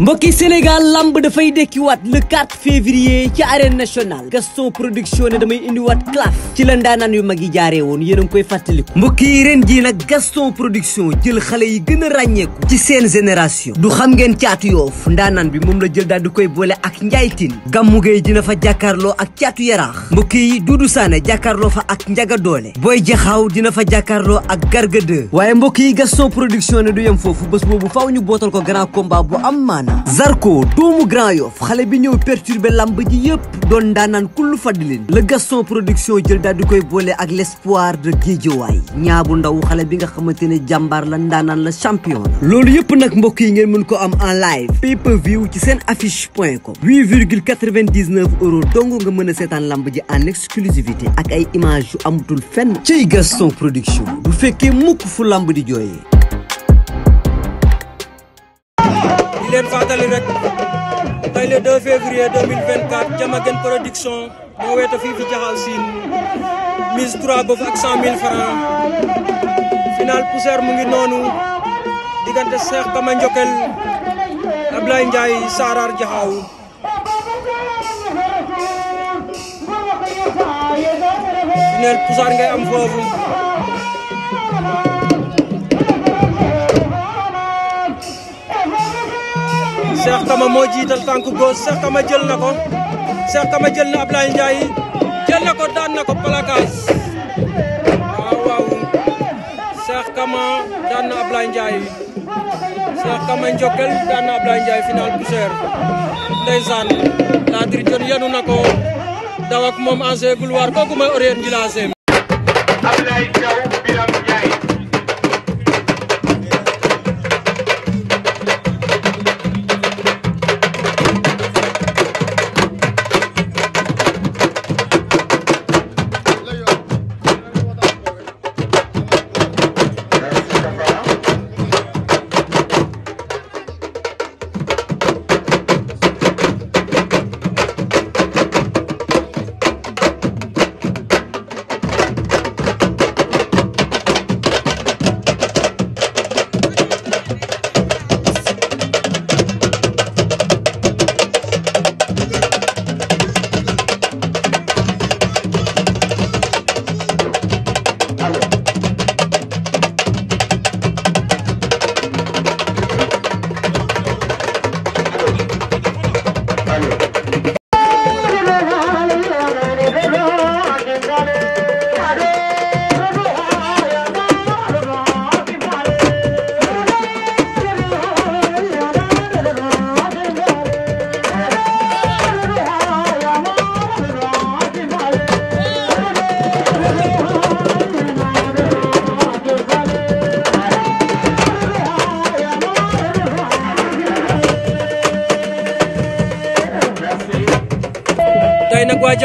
mbokki Sénégal lamb dafay dekkiwaat le 4 février ci arène national Gaston production ne damay indiwaat claf ci la ndaanaan yu mag yi jaaree woon yéen a ngi koy fàttaliku mbokki ren jii nag Gaston production jël xale yi gën a ràññeeku ci seen génération du xam ngeen caatu yoof ndaanaan bi moom la jël daal di koy boole ak njaaytin gàmmu ngay dina fa jàkkaarloo ak caatu yaraax mbokki Doudou Sané jàkkaarloo fa ak njaga doole booy jaxaaw dina fa jàkkaarloo ak garga waaye mbokki Gaston production ne du yem foofu bés boobu faaw ñu bootal ko grand combat bu am maan ndaanaan Zarko doomu Grand Yoff xale bi ñëw perturbé lamb ji yëpp doon ndaanaan kullu fadilin la Gaston production jël daal di koy boole ak l'espoir de Guédiawaye ñaa bu ndaw xale bi nga xamante ne jàmbaar la ndaanaan la champion loolu yëpp nag mbokk yi ngeen mën ko am en live pay per view ci seen affiche point com 8 virgule 99 euros dong nga mën a seetaan lamb ji en exclusivité ak ay image yu amatul fenn ciy Gaston production bu fekkee mukk fu lamb di jooyee di leen fàttali rek tey février 2024 production moo weete fii fi Jaxaw Sine mise 3 bof ak 100000 francs mu ngi noonu diggante Cheikh Kama Ndiokel Ablaye Ndiaye Saraar Jaxaw final poussière ngay am foofu Cheikh Kama moo jiital tànku góos Cheikh Kama jël na ko Cheikh Kama jël na Ablaye Ndiaye jël na ko daan na ko placage waaw waaw Cheikh Kama daan na Ablaye Ndiaye Cheikh Kama Njokkel daan na Ablaye Ndiaye final poussière ndeysaan laa diri jon yenu na ko daw moom en gul waar kooku mooy Orient Guillacé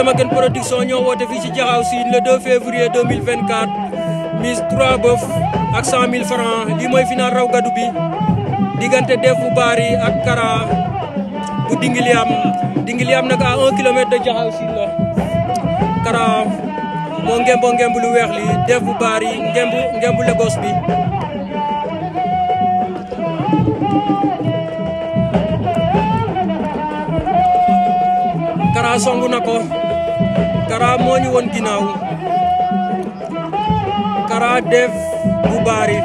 Jamaken production ñoo woote fii ci Jaxaaw Sine le 2 février 2024 mise 3 bœuf ak 100 000 francs lii mooy final raw gadu bi diggante Defu Baari ak Kara bu Dingiliam Dingiliam nag à 1 kilomètre de Jaxaaw Sine la Kara moo ngemboo ngemb lu weex li Defu Baari ngemb ngembu bi Kara songu na ko Kara moo ñu woon ginnaaw Kara def bu baari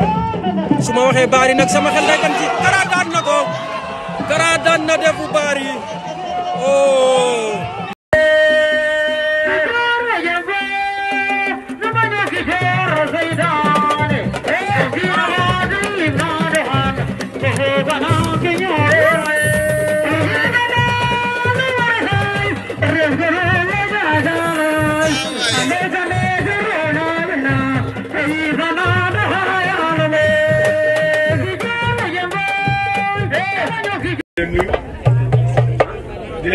su ma waxee baari nag sama xel day dem ci Kara daan na ko Kara daan na def bu baari oh.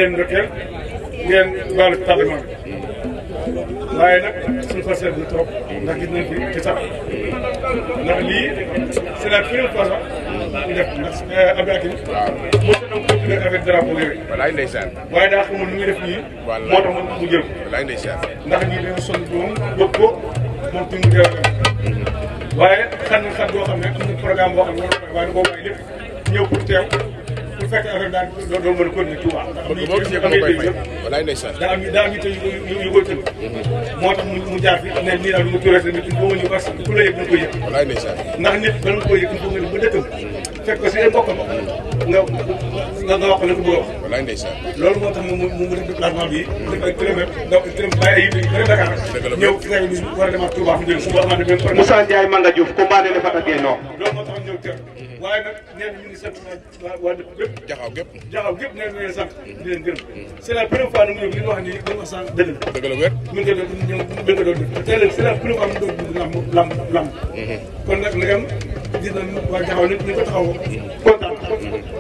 leen ndokkeel ngeen baalu tardement bi waaye nag suñu parcelle bi trop ndax gis nañ fi ci sax ndax lii c'est la première fois sax ñu def ndax euh, Abdou Hakim moo sa doon continué avec drapeau yooyu walaay ndeysaan waaye daa xamul nu muy def nii moo tax mu jël walaay ndeysaan ndax ñii dañu sonn moom bëgg ko moom tuñ mu mhm. waaye xan xat boo xam ne am na programme boo xam ne waaye da koo bàyyi lépp ñëw pour teew fekkee affaire daal doo mën a continuer ci waa. am ndeysaan daa am daa am itam yu koy tënk. moo tax mu jaar fi ne nii daal lu mu turee nit boo ma parce que ku la yëg dañ koy yëg. ndax nit dañ koy yëg ba dëkkam fekk ko si ay mbokkam nga nga wax ko la ko bëgg a wax. wallaay ndeysaan. loolu moo tax mu mu mu def déplacement bi. ak kilomètre donc kilomètre bàyyi ay bëri Dakar. ñëw fi nga war a demaat Touba fu jël suba amaat même. loolu moo tax ñëw teel. Mhm. waaye nag ñenn ñu ngi sant waa waa dëkk bépp. jaxaw gépp jaxaw gépp ñenn ñi sant di leen gërëm. Mhm. c'est la première fois nu mu ñëw li ñu wax nii dañu wax la. wér. ñu ngi doon ñu ngi doon dëgg. tey nag c'est la première fois mu doon lamb lamb lamb. Mhm. kon jaxaw nit ñi ko taxawoo.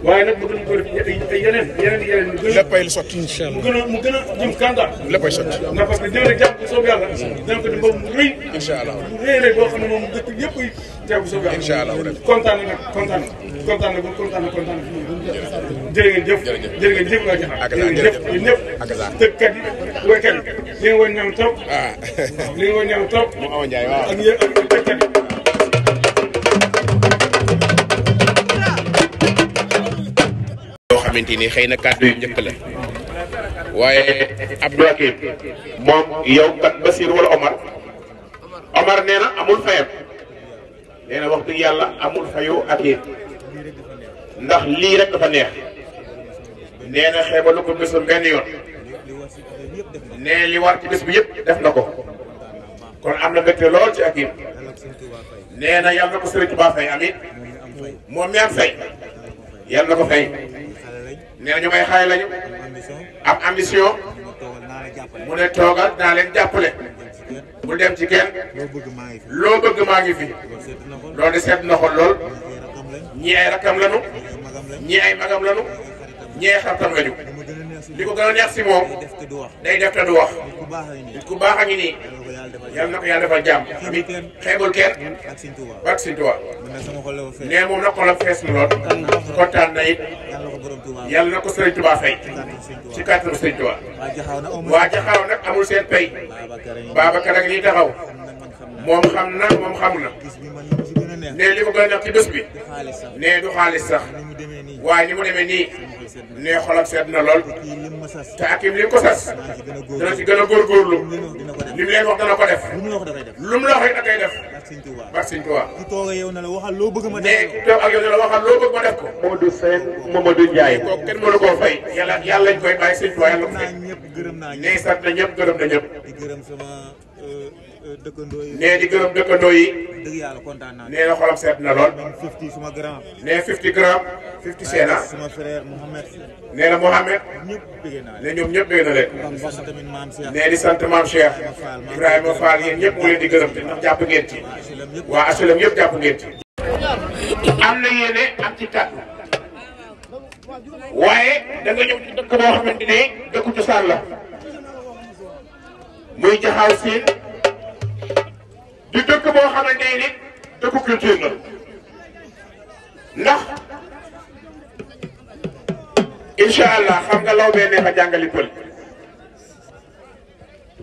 waaye nag mu gën a ko def ay yeneen yeneen yeneen mu gën a léppay sotti incha allah mu gën a mu gën a jëm kànga léppay sotti ndax parce que dina la jàpp soob yàlla dina mm. ko dimbal mu rëy incha allah mu rëy rek boo xam ne moom dëkk yëpp ay teew soob yàlla incha allah kontaan na nag kontaan na kontaan na kontaan na kontaan na jërë ngeen jëf jërë ngeen jëf waa jaxal jërë ngeen jëf tëkkat yi woykat yi li nga woon ñaaw toog ah. li nga woon ñaaw toog ak yéen ak tëkkat yi xamante ni xëy na kàddu yu njëkk la waaye Abdou Hakim moom yow kat Basir wala Omar Omar nee na amul fayam nee na dëgg yàlla amul fayoo ak yéen ndax lii rek dafa neex nee na xeebalu ko bésul benn li ci bés bi yëpp def na ko kon am na mbégte lool ci Hakim nee na yàlla na ko Sëriñ Tuubaa fay amit moom mi am fay yàlla na ko fay. nee nañu may xay lañu. am ambition. mu ne toogal naa leen jàppale. mu dem ci kenn. loo bëgg maa ngi fi. loolu de seet na ko lool. ñii ay rakkam lañu. ñii ay magam lañu. ñii ay xaritam lañu. li ko gën a si moom day def te du wax nit ku baax a ngi nii yal na ko yàlla defal jàmm amit xeebul kenn ak Sëñ nee moom nag xolam fees na lool kontaan na yal na ko Sëriñ Tuubaa fay ci kàttanu Sëriñ waa jaxaaw nag amul seen pay Babacar a ngi taxaw moom xam na moom xam na. ne li ko gën a neex ci bés bi. ne du ni mu demee nii. ko sas. dana ci gën a góorgóorlu. li wax dana ko def. lu mu la wax rek da koy def. barke Sëñ Tuubaa. ku toog ak yow ne la waxal loo bëgg ma def ko. Modou Sène Mamadou Ndiaye. kooku kenn mënu koo fay. yàlla yàlla gërëm na dëkkandoo yi nee di gërëm dëkkandoo yi. dëgg yàlla kontaan nee na xolam seet na lool. fifty suma grand. nee fifty grand. fifty seena suma frère Mohamed. nee na Mohamed. ñëpp naa leen nee ñoom ñëpp bëgg na leen. nee di sant maam Cheikh. Ibrahima Fall yéen ñëpp mu di gërëm jàpp ngeen ci. waa HLM yëpp jàpp ngeen ci. am na yéene am ci waaye da nga ñëw ci dëkk boo xamante ne dëkk cosaan la. muy jaxaw siin. boo xamante ni dëkku culture la ndax incha allah xam nga law bee neex a jàngali pël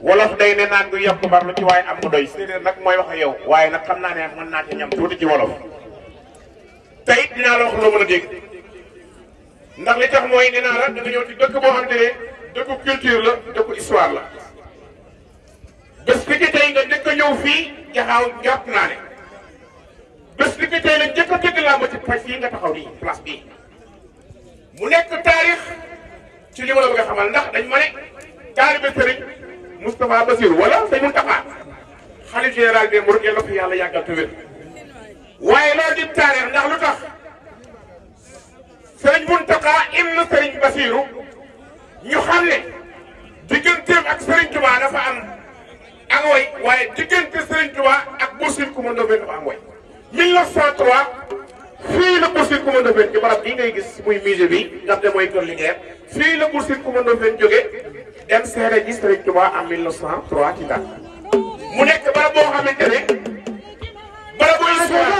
wolof day ne naan du yokk mbar ci waaye am mu doy séeréer nag mooy wax yow waaye nag xam naa ne mën naa ci ñam tuuti ci wolof te dinaa la wax loo mën a dégg ndax li tax mooy nee naa la dëkk boo xam te ne culture la dëkku histoire la bés bi ci nga ñëw fii jaxaaw jàpp naa ne bés bi ko tey la njëkk a dëgg làmb ci paj fii nga taxaw nii place bii mu nekk taarix ci li ma la bëgg a xamal ndax dañ ma ne taalibe sëriñ Moustapha Bassirou wala sëñ Moustapha xalif général bi Mouride yàlla ko yàlla yàggal te wér waaye loolu di taarix ndax lu tax sëriñ Mountakha ibnu sëriñ Bassirou ñu xam ne digganteem ak sëriñ Touba dafa am. Angoy waaye diggante Serigne Touba ak Boussine Coumba Ndoffène bu Angoy 1903 fii la Boussine Coumba Ndoffène ci barab bii ngay gis muy musée bi ndax de mooy kër Linguère fii la Boussine Coumba Ndoffène jóge dem seere ji Serigne Touba en 1903 ci Ndar mu nekk barab boo xamante ne barab booy suwaat.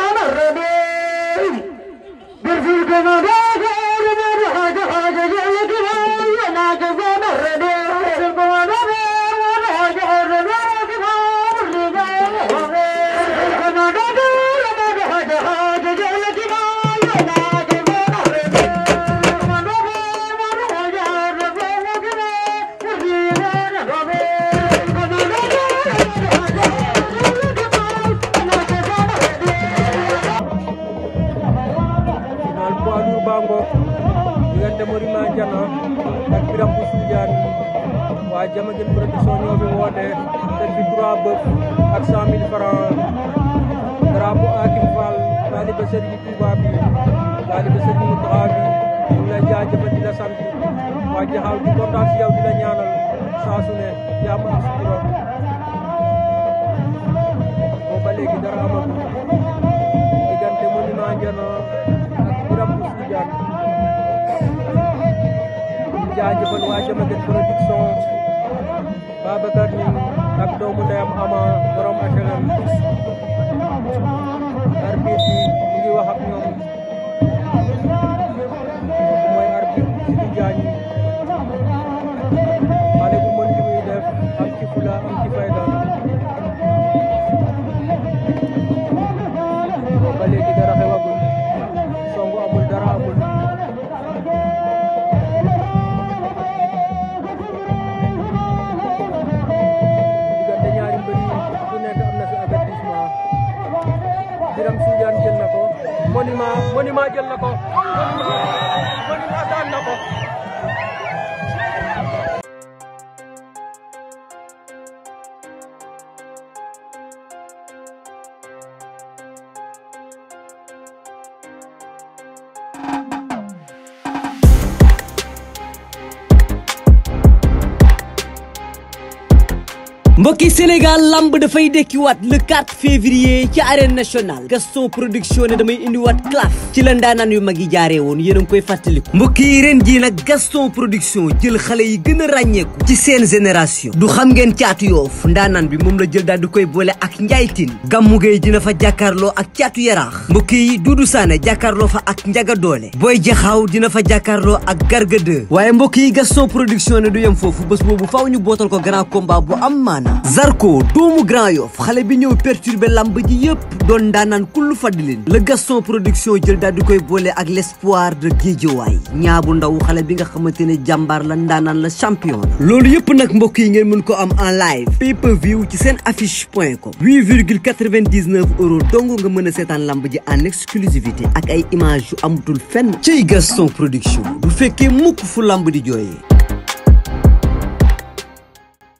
sëriñ Touba bi taalibe sëriñ Mountakha bi ñu ngi lay jaajëfal di la sant waa Jaxaaw di kontaan si yow di la ñaanal saa su ne jàmm ak sutura boobu ba léegi dara amagul diggante monument Ndiana ak Biram Moussa Diagne di jaajëfal waa Jamaguène production Babacar Ning ak doomu ndeyam Ama borom HLM RPC mu ngi wax ak ñoom mbokki Sénégal lamb dafay dekkiwaat le 4 février ci arène national Gaston production ne damay indiwaat claf ci la ndaanaan yu mag yi jaaree woon yéen a koy fàttaliku mbokk yi ren jii nag Gaston production jël xale yi gën a ràññeeku ci seen génération du xam ngeen caatu yoof ndaanaan bi moom la jël daal di koy boole ak njaaytin gàmmugéey dina fa jàkkaarloo ak caatu yaraax mbokk yi Doudou Sané jàkkaarloo fa ak njaga doole booy jaxaaw dina fa jàkkaarloo ak garga waaye mbokk yi Gaston production ne du yem foofu bés boobu faaw ñu bootal ko grand combat bu am Zarko doomu Grand Yoff xale bi ñëw perturber lamb ji yëpp doon daanaan kullu fadilin la Gaston production jël daal di koy boole ak l'espoir de Guédiawaye ñaabu ndaw xale bi nga xamante ne jàmbaar la ndaanaan la champion la loolu yëpp nag mbokk yi ngeen mën ko am en live pay per view ci seen affiche point com 8 virgule 99 euros dong nga mën a seetaan lamb ji en exclusivité ak ay image yu amatul fenn ciy Gaston production bu fekkee mukk fu lamb di jooyee